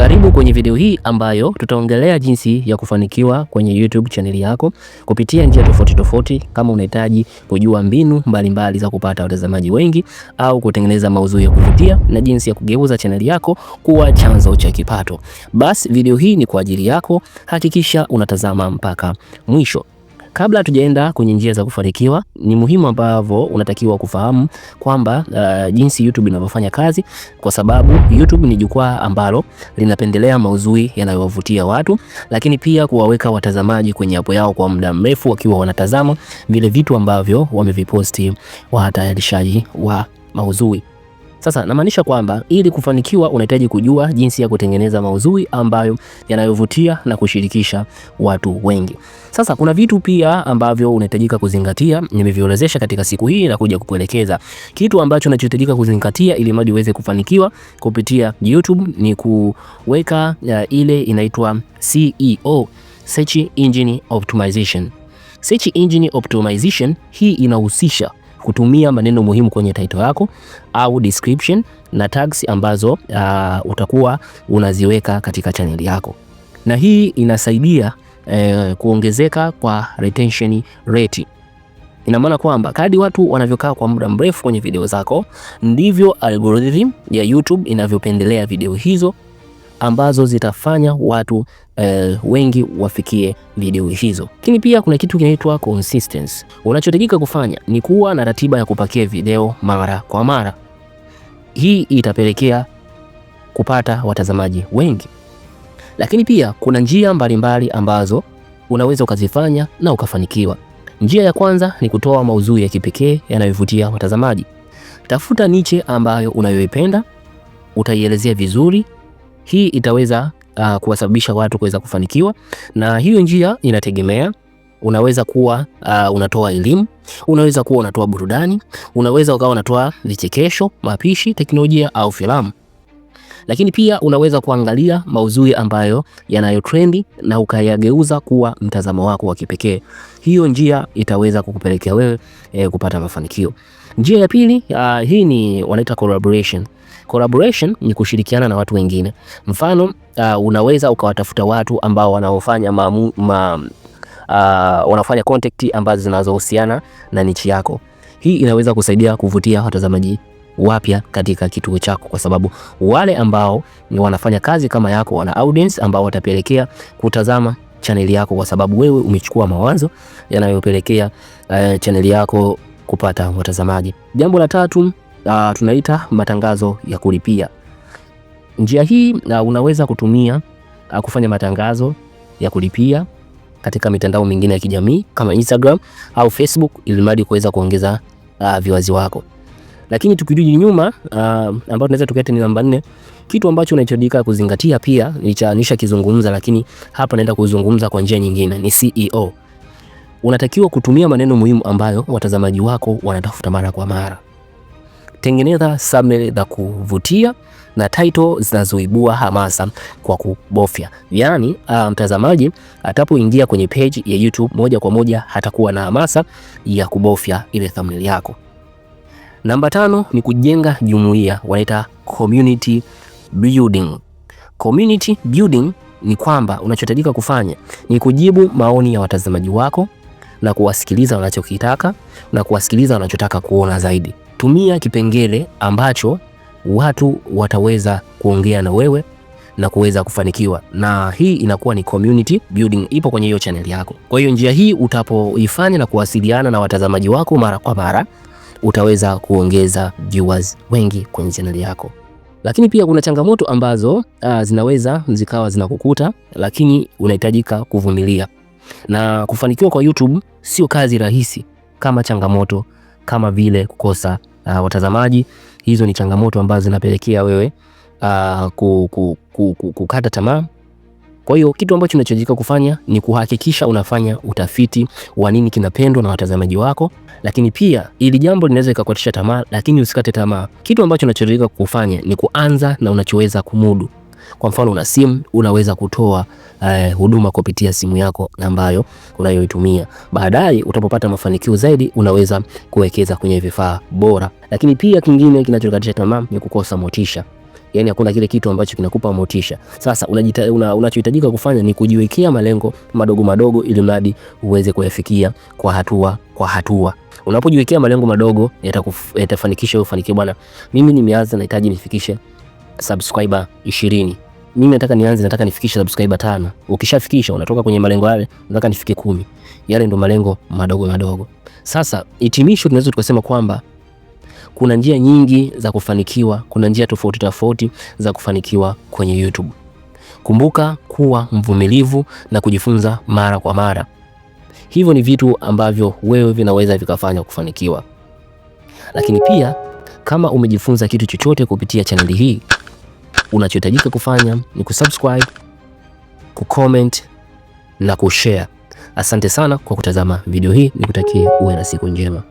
Karibu kwenye video hii ambayo tutaongelea jinsi ya kufanikiwa kwenye YouTube chaneli yako kupitia njia tofauti tofauti. Kama unahitaji kujua mbinu mbalimbali mbali za kupata watazamaji wengi au kutengeneza maudhui ya kuvutia na jinsi ya kugeuza chaneli yako kuwa chanzo cha kipato, basi video hii ni kwa ajili yako. Hakikisha unatazama mpaka mwisho. Kabla tujaenda kwenye njia za kufanikiwa, ni muhimu ambavyo unatakiwa kufahamu kwamba uh, jinsi YouTube inavyofanya kazi, kwa sababu YouTube ni jukwaa ambalo linapendelea mauzui yanayowavutia watu, lakini pia kuwaweka watazamaji kwenye hapo yao kwa muda mrefu, wakiwa wanatazama vile vitu ambavyo wameviposti watayarishaji wa mauzui sasa namaanisha kwamba ili kufanikiwa unahitaji kujua jinsi ya kutengeneza maudhui ambayo yanayovutia na kushirikisha watu wengi. Sasa kuna vitu pia ambavyo unahitajika kuzingatia, nimevielezesha katika siku hii na kuja kukuelekeza kitu ambacho unachohitajika kuzingatia ili mradi uweze kufanikiwa kupitia YouTube ni kuweka uh, ile inaitwa SEO, Search Engine Optimization. Search Engine Optimization hii inahusisha kutumia maneno muhimu kwenye title yako au description na tags ambazo uh, utakuwa unaziweka katika chaneli yako, na hii inasaidia eh, kuongezeka kwa retention rate. Ina maana kwamba kadri watu wanavyokaa kwa muda mrefu kwenye video zako ndivyo algorithm ya YouTube inavyopendelea video hizo ambazo zitafanya watu eh, wengi wafikie video hizo. Lakini pia kuna kitu kinaitwa consistency. Unachotakiwa kufanya ni kuwa na ratiba ya kupakia video mara kwa mara. Hii itapelekea kupata watazamaji wengi. Lakini pia kuna njia mbalimbali mbali ambazo unaweza ukazifanya na ukafanikiwa. Njia ya kwanza ni kutoa maudhui ya kipekee yanayovutia watazamaji. Tafuta niche ambayo unayoipenda, utaielezea vizuri hii itaweza uh, kuwasababisha watu kuweza kufanikiwa, na hiyo njia inategemea unaweza kuwa uh, unatoa elimu, unaweza kuwa unatoa burudani, unaweza ukawa unatoa vichekesho, mapishi, teknolojia au filamu. Lakini pia unaweza kuangalia mauzui ambayo yanayo trendi na ukayageuza kuwa mtazamo wako wa kipekee. Hiyo njia itaweza kukupelekea wewe e, kupata mafanikio. Njia ya pili, uh, hii ni wanaita collaboration. Collaboration ni kushirikiana na watu wengine. Mfano uh, unaweza ukawatafuta watu ambao wanaofanya ma, uh, wanafanya contact ambazo zinazohusiana na nichi yako. Hii inaweza kusaidia kuvutia watazamaji wapya katika kituo chako, kwa sababu wale ambao ni wanafanya kazi kama yako wana audience ambao watapelekea kutazama chaneli yako, kwa sababu wewe umechukua mawazo yanayopelekea uh, eh, chaneli yako kupata watazamaji. Jambo la tatu uh, tunaita matangazo ya kulipia. Njia hii uh, unaweza kutumia uh, kufanya matangazo ya kulipia katika mitandao mingine ya kijamii kama Instagram au Facebook ili mradi kuweza kuongeza uh, viwazi wako. Lakini tukirudi nyuma uh, ambapo tunaweza tukaita ni namba nne, kitu ambacho unachodika kuzingatia pia nilisha kizungumza, lakini hapa naenda kuzungumza kwa njia nyingine, ni CEO. Unatakiwa kutumia maneno muhimu ambayo watazamaji wako wanatafuta mara kwa mara tengeneza thumbnail za kuvutia na title zinazoibua hamasa kwa kubofya. Yaani uh, mtazamaji atapoingia kwenye page ya YouTube moja kwa moja hatakuwa na hamasa ya kubofya ile thumbnail yako. Namba tano ni kujenga jumuiya, wanaita community building. Community building ni kwamba unachohitajika kufanya ni kujibu maoni ya watazamaji wako na kuwasikiliza wanachokitaka na kuwasikiliza wanachotaka kuona zaidi tumia kipengele ambacho watu wataweza kuongea na wewe na kuweza kufanikiwa, na hii inakuwa ni community building, ipo kwenye hiyo channel yako. Kwa hiyo njia hii utapoifanya na kuwasiliana na watazamaji wako mara kwa mara, utaweza kuongeza viewers wengi kwenye channel yako. Lakini pia kuna changamoto ambazo aa, uh, zinaweza zikawa zinakukuta, lakini unahitajika kuvumilia na kufanikiwa. Kwa YouTube sio kazi rahisi kama changamoto kama vile kukosa uh, watazamaji, hizo ni changamoto ambazo zinapelekea wewe uh, ku, ku, ku, ku, kukata tamaa. Kwa hiyo kitu ambacho unachojika kufanya ni kuhakikisha unafanya utafiti wa nini kinapendwa na watazamaji wako, lakini pia ili jambo linaweza ikakuatisha tamaa, lakini usikate tamaa. Kitu ambacho unachojika kufanya ni kuanza na unachoweza kumudu. Kwa mfano una simu, unaweza kutoa uh, huduma kupitia simu yako ambayo unayoitumia. Baadaye utapopata mafanikio zaidi, unaweza kuwekeza kwenye vifaa bora. Lakini pia kingine kinachokatisha tamaa ni kukosa motisha. Yaani hakuna kile kitu ambacho kinakupa motisha. Sasa unachohitajika una kufanya ni kujiwekea malengo madogo madogo, ili mradi uweze kuyafikia kwa hatua kwa hatua. Unapojiwekea malengo madogo, yatafanikisha ufanikiwe Bwana, mimi nimeanza, nahitaji nifikishe subscriber 20. Mimi nataka nianze, nataka nifikishe subscriber tano. Ukishafikisha unatoka kwenye malengo yale, nataka nifike kumi. Yale ndo malengo madogo madogo. Sasa hitimisho, tunaweza tukasema kwamba kuna njia nyingi za kufanikiwa, kuna njia tofauti tofauti za kufanikiwa kwenye YouTube. Kumbuka kuwa mvumilivu na kujifunza mara kwa mara. Hivyo ni vitu ambavyo wewe vinaweza vikafanya kufanikiwa. Lakini pia kama umejifunza kitu chochote kupitia chaneli hii unachohitajika kufanya ni kusubscribe, kucomment na kushare. Asante sana kwa kutazama video hii, nikutakie uwe na siku njema.